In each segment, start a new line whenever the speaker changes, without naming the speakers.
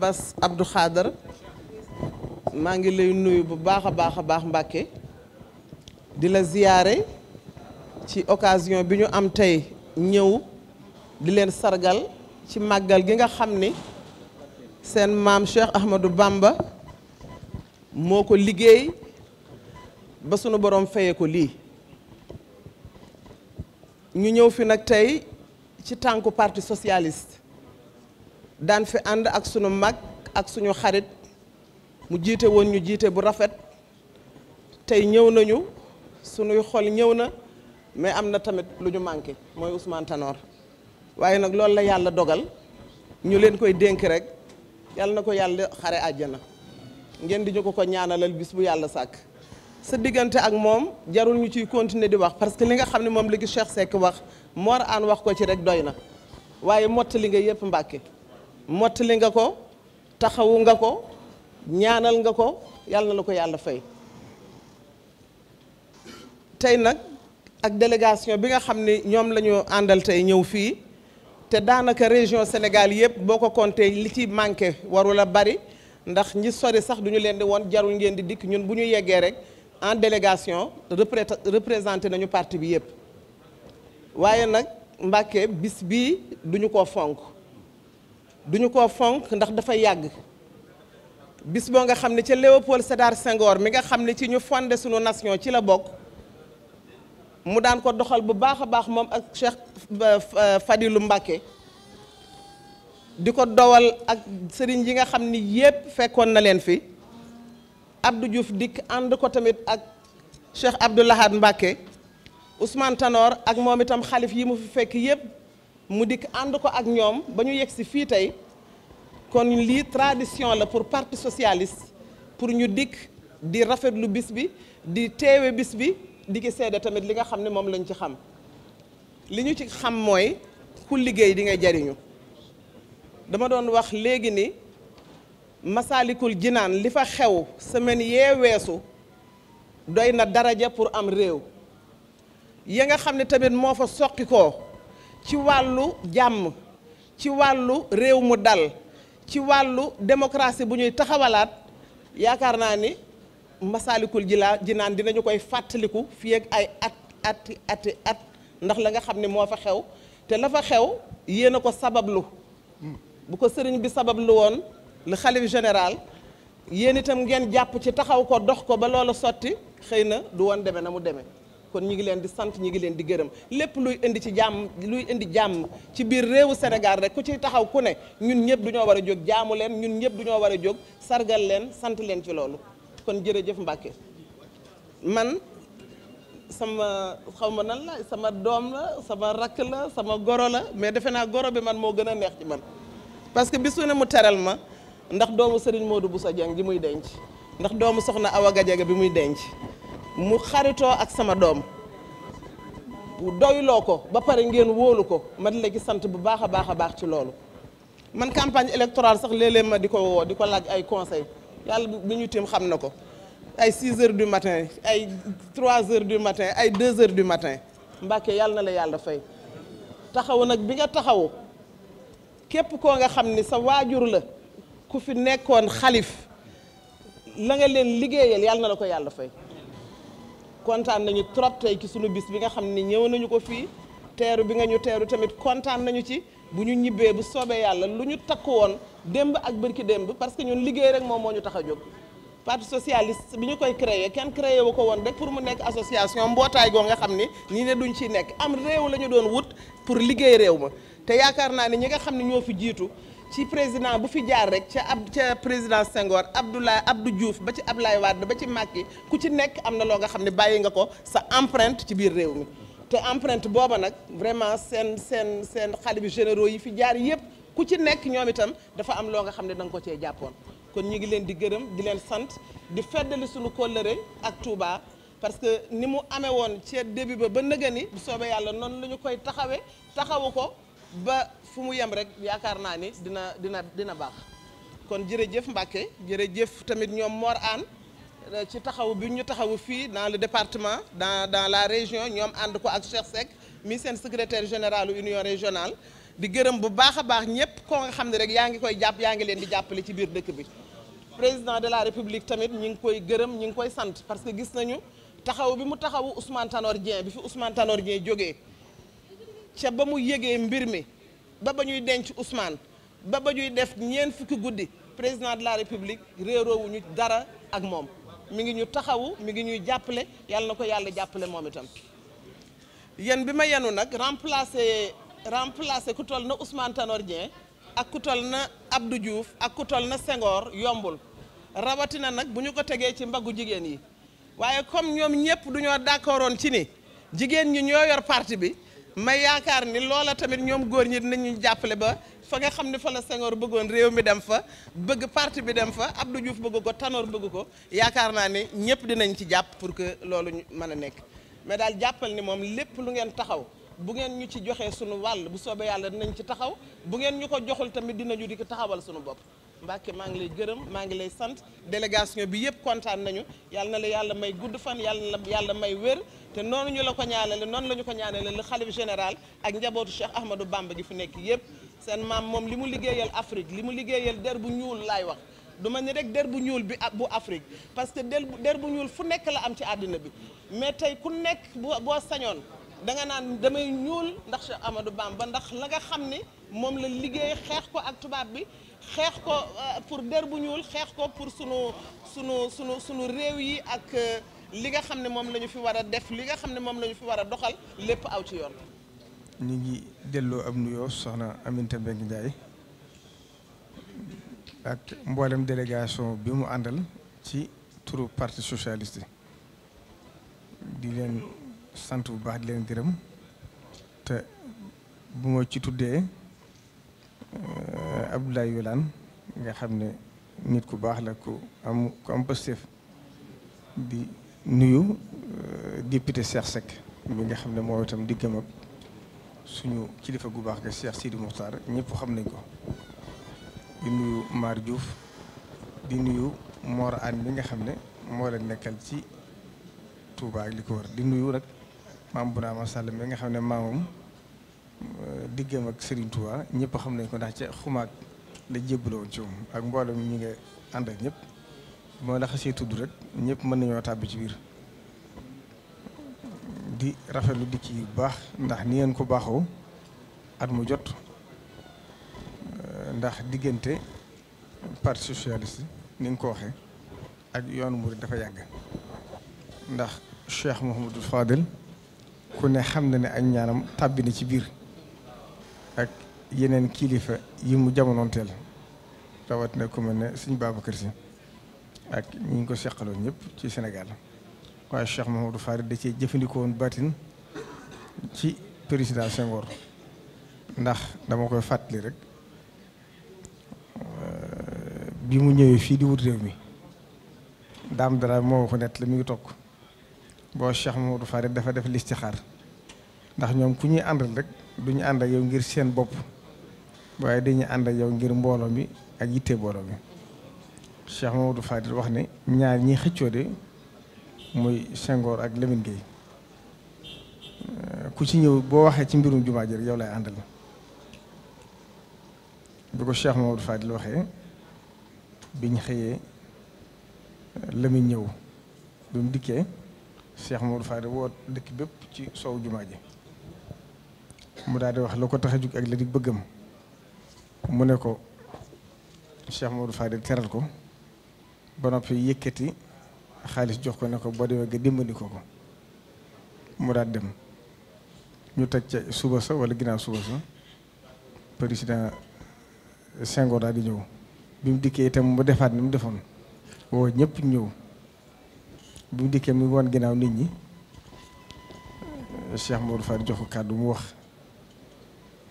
Bass Abdou Khader maa ngi lay nuyu bu baax a baax a baax Mbàkke di la ziyaare ci occasion bi ñu am tey ñëw di leen sargal ci màggal gi nga xam ni seen maam Cheikh Ahmadou bàmba moo ko liggéey ba sunu borom fayee ko lii ñu ñëw fi nag tey ci tànku partie socialiste daan fi ànd ak sunu mag ak suñu xarit mu jiite woon ñu jiite bu rafet tey ñëw nañu sunuy xol ñëw na mais am na tamit lu ñu manqué mooy Ousmane Tanor waaye nag loolu la yàlla dogal ñu leen koy dénk rek yàlla na ko yàlla xare àjjana ngeen di ñu ko ko ñaanalal bis bu yàlla sàkk sa diggante ak moom jarul ñu ciy continuer di wax parce que li nga xam ne moom léegi Cheikh Seck wax Mor An wax ko ci rek doy na waaye mottali nga yëpp Mbàkke mottali nga ko taxawu nga ko ñaanal nga ko yàlla na la ko yàlla fay tey nag ak délégation bi nga xam ne ñoom la àndal tey ñëw fii te daanaka région Sénégal yëpp boo ko compté li ci manqué warul a bari ndax ñi sori sax duñu leen di woon jarul ngeen di dikk ñun bu ñu yeggee rek en délégation représenté nañu parti bi yëpp waaye nag Mbàkke bis bii duñu ko fonk duñu ko fonk ndax dafa yàgg bis boo nga xam ne ca Léopold Sédar Senghor mi nga xam ne ci ñu fonde sunu nation ci la bokk mu daan ko doxal bu baax a baax moom ak Cheikh euh, Fadilou Mbacké di ko dowal ak sëriñ yi nga xam ni yépp fekkoon na leen fi Abdou Diouf dikk ànd ko tamit ak Cheikh Abdou Lahad Mbacké Ousmane Tanor ak moom itam xalif yi mu fi fekk yépp mu dikk ànd ko ak ñoom ba ñu yegg si fii tey kon lii tradition la pour parti socialiste pour ñu dikk di rafetlu bis bi di teewe bis bi di ki seede tamit li nga xam ne moom lañu ci xam li ñu ci xam mooy ku liggéey di nga jariñu dama doon wax léegi ni Masaalikul Jinaan li fa xew semaine yee weesu doy na daraja pour am réew ya nga xam ne tamit moo fa soqikoo ci wàllu jàmm ci wàllu réew mu dal ci wàllu démocratie bu ñuy taxawalaat yaakaar naa ni masaalikul jilaa jinaan dinañu koy fàttaliku fii ak ay at at ati at ndax la nga xam ne moo fa xew te la fa xew yéen ko sabablu bu ko sëriñ bi sabablu woon le xalif général yéen itam ngeen jàpp ci taxaw ko dox ko ba loola sotti xëy na du woon deme na mu demee kon ñu ngi leen di sant ñu ngi leen di gërëm lépp luy indi ci jàmm luy indi jàmm ci biir réewu senegal rek ku ci taxaw ku ne ñun ñëpp duñoo war a jóg jaamu leen ñun ñëpp duñoo war a jóg sargal leen sant leen ci loolu kon jërëjëf Mbàkke man sama xaw ma nan la sama doom la sama rakk la sama goro la mais defe naa goro bi man moo gën a neex ci man parce que bisu ne mu teral ma ndax doomu Serigne Modou Bousso Dieng ji muy denc ndax doomu soxna Awa Gadiaga bi muy denc mu xaritoo ak sama doom doyloo ko ba pare ngeen wóolu ko ma di la ci sant bu baax a baax a baax ci loolu man campagne électorale sax léeg leen ma di ko woo di ko laaj ay conseil yàlla bi ñu tiim xam na ko ay 6 heures du matin ay 3 heures du matin ay 2 heures du matin Mbàkke yàlla na la yàlla fay taxaw nag bi nga taxaw képp koo nga xam ni sa waajur la ku fi nekkoon xalif la nga leen liggéeyal yàlla na la ko yàlla fay kontaan nañu trop tey ci sunu bis bi nga xam ne ñëw nañu ko fii teeru bi nga ñu teeru tamit kontaan nañu ci bu ñu ñibbee bu soobee yàlla lu ñu takku woon démb ak bërki démb parce que ñun liggéey rek moom moo ñu tax a jóg. parti socialiste bi ñu koy créé kenn créé wu ko woon rek pour mu nekk association mbootaay goo nga xam ni ñi ne duñ ci nekk am réew la ñu doon wut pour liggéey réew ma te yaakaar naa ne ñi nga xam ne ñoo fi jiitu. ci président bu fi jaar rek ca ab ca président Senghor Abdoulaye Abdou Diouf ba ci Ablaye Wade ba ci Macky ku ci nekk am na loo nga xam ne bàyyi nga ko sa empreinte ci biir réew mi te empreinte booba nag vraiment seen seen seen xalifa généraux yi fi jaar yëpp ku ci nekk ñoom itam dafa am loo nga xam ne danga ko cee jàppoon kon ñu ngi leen di gërëm di leen sant di feddali suñu kóllëre ak Touba parce que ni mu amee woon ci début ba ba nëgëni bu soobee yàlla noonu la ñu koy taxawee taxawu ko ba fu mu yem rek yaakaar naa ni dina dina dina baax kon jërëjëf Mbacke jërëjëf tamit ñoom Mor Anne euh, ci taxaw bi ñu taxawu fii dans le département dans dans la région ñoom ànd ko ak Cheikh Seck mi seen secrétaire général union régionale di gërëm bu baax a baax ñëpp koo nga xam ne rek yaa ngi koy jàpp yaa ngi leen di jàppale ci biir dëkk bi président de la république tamit ñi ngi koy gërëm ñi ngi koy sant parce que gis nañu taxaw bi mu taxawu Ousmane Tanor bi fi Ousmane Tanor jógee ca ba mu yëgee mbir mi ba ba ñuy denc Ousmane ba ba ñuy def ñeent fukki guddi président de la république ñu dara ak moom mi ngi ñu taxawu mi ngi ñuy jàppale yàlla na ko yàlla jàppale moom itam. yéen bi ma yenu nag remplacer remplacer ku toll na Ousmane Tanor Dieng ak ku toll na Abdou Diouf ak ku toll na Senghor yombul rawatina nag bu ñu ko tegee ci mbaggu jigéen yi waaye comme ñoom ñëpp du ñoo d'accordoon ci ni jigéen ñi ñoo yor parti bi. may yaakaar ni loola tamit ñoom góor ñi dinañu jàppale ba fa nga xam ne fa la Senghor bëggoon réew mi dem fa bëgg parti bi dem fa Abdou Diouf bëgg ko tanoor bëgg ko yaakaar naa ne ñëpp dinañ ci jàpp pour que loolu mën a nekk mais daal jàppal ni moom lépp lu ngeen taxaw bu ngeen ñu ci joxee suñu wàll bu soobee yàlla dinañ ci taxaw bu ngeen ñu ko joxul tamit dinañu di ko taxawal suñu bopp Mbacke maa ngi lay gërëm maa ngi lay sant délégation bi yëpp kontaan nañu yàlla na la yàlla may gudd fan yàlla na yàlla may wér te noonu ñu la ko ñaanale noonu la ñu ko ñaanale le xalif général ak njabootu Cheikh Ahmadou Bamba gi fi nekk yëpp seen maam moom li mu liggéeyal Afrique li mu liggéeyal der bu ñuul laay wax du ma ni rek der bu ñuul bi bu Afrique parce que der der bu ñuul fu nekk la am ci àddina bi mais tey ku nekk boo sañoon danga naan damay ñuul ndax Cheikh Amadou Bamba ndax la nga xam ni moom la liggéey xeex ko ak tubaab bi xeex ko euh, pour der bu ñuul xeex ko pour sunu sunu sunu sunu réew yi ak euh, li nga xam ne moom lañu fi war a def li nga xam ne moom lañu ñu fi war a doxal lépp aw ci yoon.
ñu ngi delloo ab nuyoo soxna Aminata Mbengue Ndiaye ak mboolem délégation bi mu àndal ci turu parti socialiste di leen sant bu baax di leen gërëm te bu ma ci tuddee. Euh, Abdoulaye Wilane nga xam ne nit ku baax la ku am ku am positif di nuyu euh, député Cheikh Seck mi nga xam ne moo itam diggam ak suñu kilifa gu baax ga Cheikh Sidi Moukhtar ñëpp xam nañ ko di nuyu Mar Diouf di nuyu Mor Anne bi nga xam ne moo la nekkal ci Touba ak li ko wër di nuyu nag maam Bounama Sall mi nga xam ne maamam euh, diggam ak Serigne Touba ñëpp ko ndax ca xumaag la jébbale woon ci moom ak mboolem ñi nga ànd ak ñëpp moo la xasee tudd rek ñëpp mën nañoo tàbbi ci biir di rafetlu dikk yi bu baax ndax ni ngeen ko baaxoo at mu jot eh, ndax diggante parti socialiste ni nga ko waxee ak yoonu murid dafa yàgg ndax Cheikh Mouhamadou Fadel ku ne xam na ne ak ñaanam tàbbi na ci biir yeneen kiilifa yi mu jamonoonteel rawatina ku mel ne sëñ Si ak ñi ñu ko seqaloon ñëpp ci Sénégal waaye Cheikh Mahamadou Farid da cee jëfandikoo woon baatin ci président Senghor ndax dama koy fàttali rek euh, bi mu ñëwee fii di wut réew mi daam dara moo ko nett la mi ngi toog boo Cheikh Mahamadou Farid dafa def listixaar ndax ñoom ku ñuy àndal rek du ñu ànd ak yow ngir seen bopp waaye dañuy ànd ak yow ngir mbooloo mi ak yitte mbooloo mi Cheikh Mamadou Fadil wax ne ñaar ñi xëccoo de muy sengoor ak Lamine Gueye ku ci ñëw boo waxee ci mbirum jumaa ji yow lay àndal bi ko Cheikh Mamadou Fadil waxee biñ xëyee Lamine ñëw bi mu dikkee Cheikh Mamadou Fadil woo dëkk bépp ci soow jumaa ji mu daal di wax loo ko tax a jug ak la di bëggam mu ne ko Cheikh Modou Fadil teral ko ba noppi yëkkati xaalis jox ko ne ko boo dee nga dimbali ko ko mu daal dem ñu teg ca suba sa wala ginnaaw suba sa président Senghor daal di ñëw bi mu dikkee itam mu defaat ni mu defoon woo ñëpp ñëw bi mu dikkee mu wan ginnaaw nit ñi Cheikh Modou Fadil jox ko kàddu mu wax.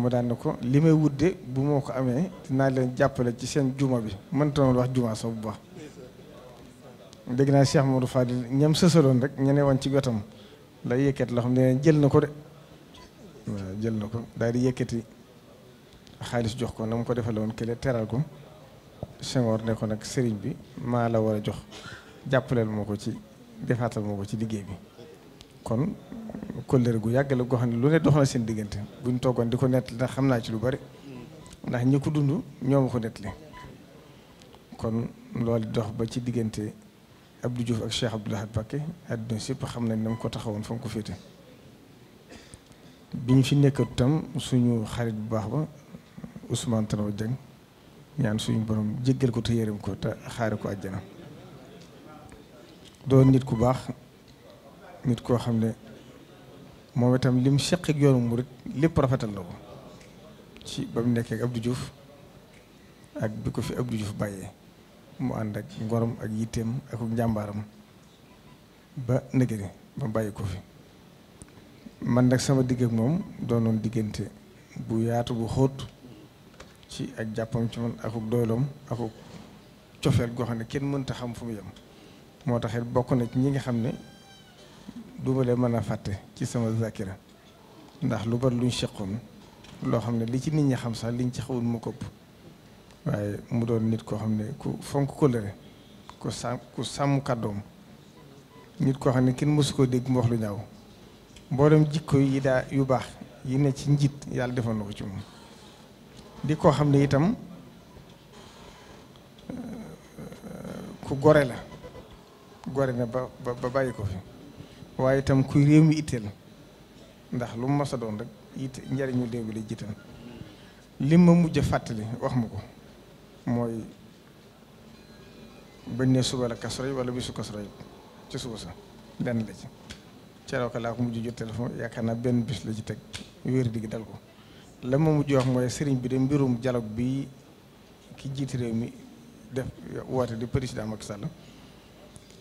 mu daan ne ko li may wudde bu moo ko amee naa leen jàppale ci seen juma bi mënta woon wax juma soo bu baax dégg naa Cheikh Modou Fadil ñam sësaloon rek ñene woon ci wetam la yëkkat loo xam ne jël na ko de jël na ko daal di xaalis jox ko na mu ko defale woon kële teral ko Senghor ne ko nag sëriñ bi maa la war a jox jàppaleel moo ko ci defaatal moo ko ci liggéey bi kon kóllëre gu yàgg la goo xam ne lu ne dox na seen diggante buñ toogoon di ko nettali ndax xam naa ci lu bari ndax ñi ko dund ñoom ko nettali kon loolu dox ba ci diggante Abdou Diouf ak Cheikh Abdou Lahad Mbacké àdduna sépp xam nañ ne ko taxawoon fa mu ko féete biñ fi nekkatu tam suñu xarit bu baax ba Ousmane Tanor Dieng ñaan suñu borom jéggal ko te yërëm ko te xaare ko àjjana doon nit ku baax nit koo xam ne moom itam lim seq ak yoonu murit lépp rafetal na ko ci ba mu nekkee ak Abdou Diouf ak bi ko fi Abdou Diouf bàyyee mu ànd ak ngorom ak yitteem ak njàmbaram ba nëgëri ba bàyyi ko fi man nag sama digg ak moom doonoon diggante bu yaatu bu xóot ci ak jàppam ci man akuk doyloom akuk cofeel goo xam ne kenn mënta xam fu mu yem moo tax it bokk na ñi nga xam ne du ma leen mën a fàtte ci sama zakira ndax lu bari luñ seqoon loo xam ne li ci nit ñi xam sax liñ ci xawul mu këpp waaye mu doon nit koo xam ne ku fonk kóllëre ku sàmm ku sàmm kàddoom nit koo xam ne kenn mësu koo dégg mu wax lu ñaaw mboolem jikko yi yu baax yi ci njiit yàlla defoon ko ci di koo xam ne itam euh, ku gore la gore na ba ba bàyyi ko fi waaye itam kuy réew mi itteel ndax lu mu mës doon rek it njariñu réew bi lay jiital lim ma mujj fàttali wax ma ko mooy bañ ne suba la Kazu Rajab wala bisu Kazu Rajab ci suba sax benn la ci ceroo ko laa ko mujj jot téléphone yaakaar naa benn bis la ci teg wéer digg dal ko la ma mujj wax mooy sëriñ bi de mbirum dialogue bi ki jiite réew mi def woote di président Macky Sall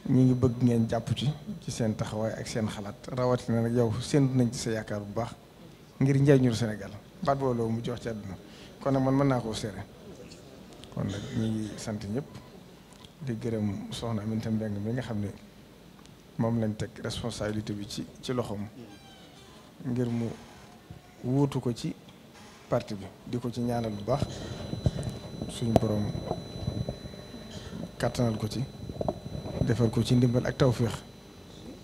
ñu ngi bëgg ngeen jàpp ci ci seen taxawaay ak seen xalaat rawatina nag yow séntu nañ ci sa yaakaar bu baax ngir njëriñul Sénégal baat boobu mu jox ci àdduna kon nag man mën naa koo seere kon nag ñu ngi sant ñëpp di gërëm soxna Aminata Mbengue mi nga xam ne moom lañ teg responsabilité bi ci ci loxoom ngir mu wuutu ko ci parti bi di ko ci ñaanal bu baax suñu borom kàttanal ko ci. defal ko ci ndimbal ak tawféex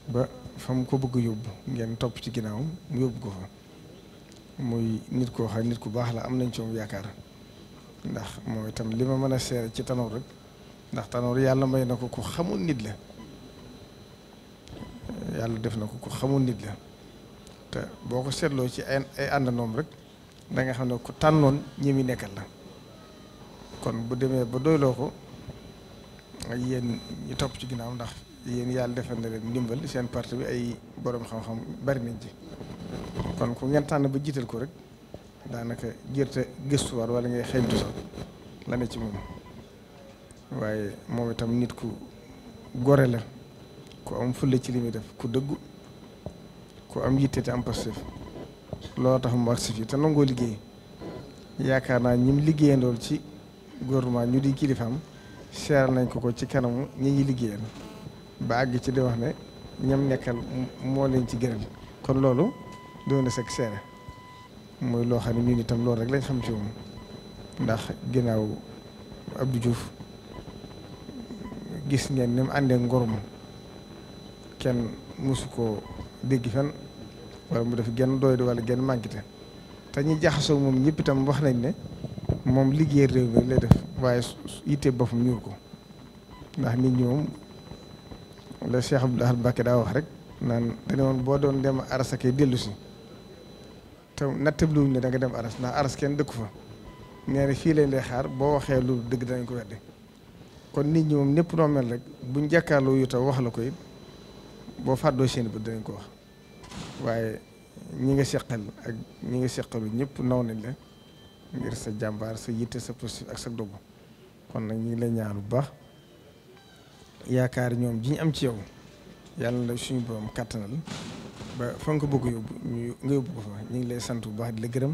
ba fa mu ko bëgg yóbbu ngeen topp ci ginnaaw mu yóbbu ko fa muy nit ko xam nit ku baax la am nañ ci yaakaar ndax moom itam li ma mën a seere ci Tanor rek ndax Tanor yàlla may na ko ku xamul nit la yàlla def na ko ku xamul nit la te boo ko seetloo ci ay ay àndandoom rek danga xam ne ku tànnoon ñi muy nekkal la kon bu demee ba doyloo ko. ak yéen ñu topp ci ginnaaw ndax yéen yàlla defal na leen ndimbal seen parti bi ay boroom xam-xam bari nañ ci kon ku ngeen tànn ba jiital ko rek daanaka jërta gëstuwaar wala ngay xeeñtu sax la ne ci moom waaye moom itam nit ku gore la ku am fulla ci li muy def ku dëggu ku am yitte te am Pastef loo tax mu agsi fii te nangoo liggéey yaakaar naa ñim liggéeyandool ci gouvernement ñu di kilifaam seeral nañ ko ko ci kanamu ñi ñuy liggéeyal ba àgg ci di wax ne ñam nekkal moo leen ci gënal kon loolu doon na sekk seere mooy loo xam ne ñun itam loolu rek lañ xam ci moom ndax ginnaaw du juuf gis ngeen ni mu àndee ngorum kenn musu ko dégg fan wala mu def genn doy wala genn mànkite te ñi jaxasoo moom ñëpp itam wax nañ ne moom liggéey réew mi lay def waaye yitte boppam ñuul ko ndax nit ñoom la Cheikh Abdou Lahad Mbacké daa wax rek naan dane woon boo doon dem aras akay dellu si te nattabluwuñ ne danga dem aras ndax aras kenn dëkku fa nee na fii lañ lay xaar boo waxee lu dëgg danañ ko wedde kon nit ñi moom ñëpp noo mel rek bu jàkkaarloo yu wax la ko it boo fàddoo seen bët danañ ko wax waaye ñi nga seqal ak ñi nga seqalu ñëpp naw nañ la ngir sa jàmbaar sa yitte sa positif ak sa dogu kon nag ñu ngi lay ñaan bu baax yaakaar ñoom ji ñu am ci yow yàlla na suñu borom kàttanal ba fa ko bëgg yóbbu ñu nga yóbbu ko fa ñu ngi lay sant bu baax di la gërëm.